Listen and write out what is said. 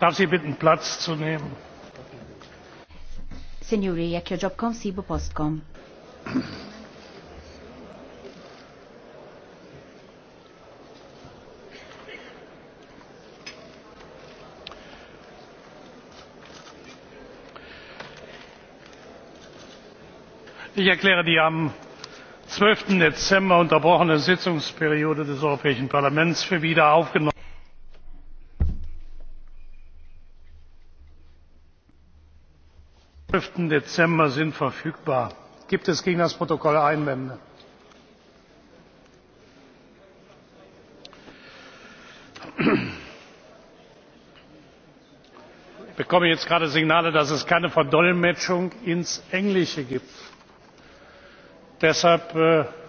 Darf Sie bitten, Platz zu nehmen? Signori, jekk joġobkom sibu postkom. Ich erkläre die am 12. Dezember unterbrochene Sitzungsperiode des Europäischen Parlaments für wieder aufgenommen. zwölf. dezember sind verfügbar. gibt es gegen das protokoll einwände? ich bekomme jetzt gerade signale dass es keine verdolmetschung ins englische gibt. deshalb äh,